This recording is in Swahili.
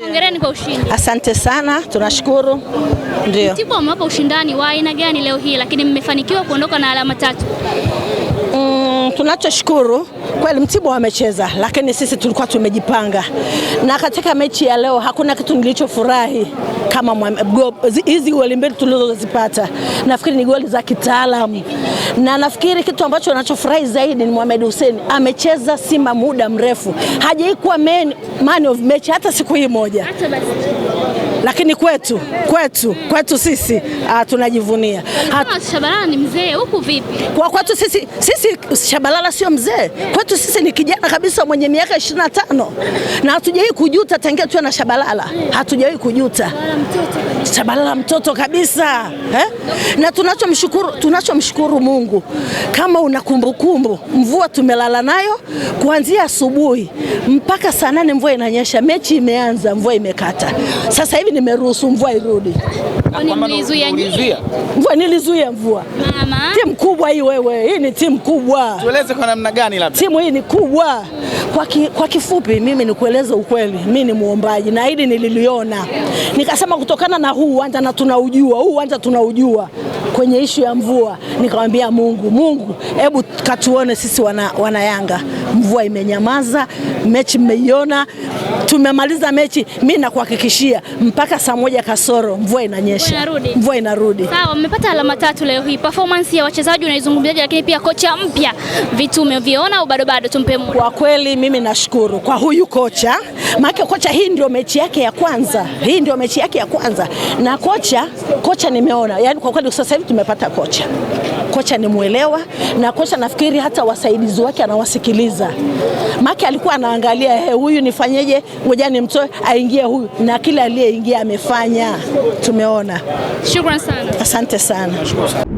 Hongereni kwa ushindi. Asante sana, tunashukuru. Ndio. Timu amewapa ushindani wa aina gani leo hii, lakini mmefanikiwa kuondoka na alama tatu. Mm tunachoshukuru kweli Mtibwa wamecheza, lakini sisi tulikuwa tumejipanga, na katika mechi ya leo hakuna kitu nilichofurahi kama hizi goli mbili tulizozipata, nafikiri ni goli za kitaalamu, na nafikiri kitu ambacho nachofurahi zaidi ni Mohamed Hussein amecheza Simba muda mrefu, hajaikuwa man, man of match hata siku hii moja lakini kwetu kwetu kwetu sisi uh, tunajivunia Hat... Shabalala ni mzee huku vipi? Kwa kwetu sisi, sisi Shabalala sio mzee kwetu sisi ni kijana kabisa mwenye miaka 25 na hatujawahi kujuta tangia tuwe na Shabalala hatujawahi kujuta Shabalala mtoto kabisa eh? na tunachomshukuru tunachomshukuru Mungu kama una kumbukumbu mvua tumelala nayo kuanzia asubuhi mpaka saa nane mvua inanyesha mechi imeanza mvua imekata sasa hivi nimeruhusu mvua irudi. Mvua nilizuia mvua. Mama. Timu kubwa hii wewe, hii ni timu kubwa. Tueleze kwa namna gani labda. Timu hii ni kubwa. Kwa, ki, kwa kifupi mimi nikueleze ukweli, mimi ni muombaji na hili nililiona nikasema, kutokana na huu uwanja na tunaujua huu uwanja tunaujua kwenye ishu ya mvua, nikamwambia Mungu, Mungu hebu katuone sisi wana, wana Yanga. Mvua imenyamaza, mechi mmeiona, tumemaliza mechi, mimi nakuhakikishia mpaka saa moja kasoro mvua inanyesha, mvua inarudi. Sawa, mmepata alama tatu leo hii. Performance ya wachezaji unaizungumziaje, lakini pia kocha mpya, vitu umeviona au bado bado? Tumpe muda. Kwa kweli mimi nashukuru kwa huyu kocha, maana kocha hii ndio mechi yake ya kwanza, hii ndio mechi yake ya kwanza na kocha, kocha nimeona, yani kwa kweli sasa hivi tumepata kocha kocha ni mwelewa, na kocha nafikiri hata wasaidizi wake anawasikiliza, Maki alikuwa anaangalia he, huyu nifanyeje, ngoja nimtoe aingie huyu, na kila aliyeingia amefanya. Tumeona. Shukrani sana, asante sana.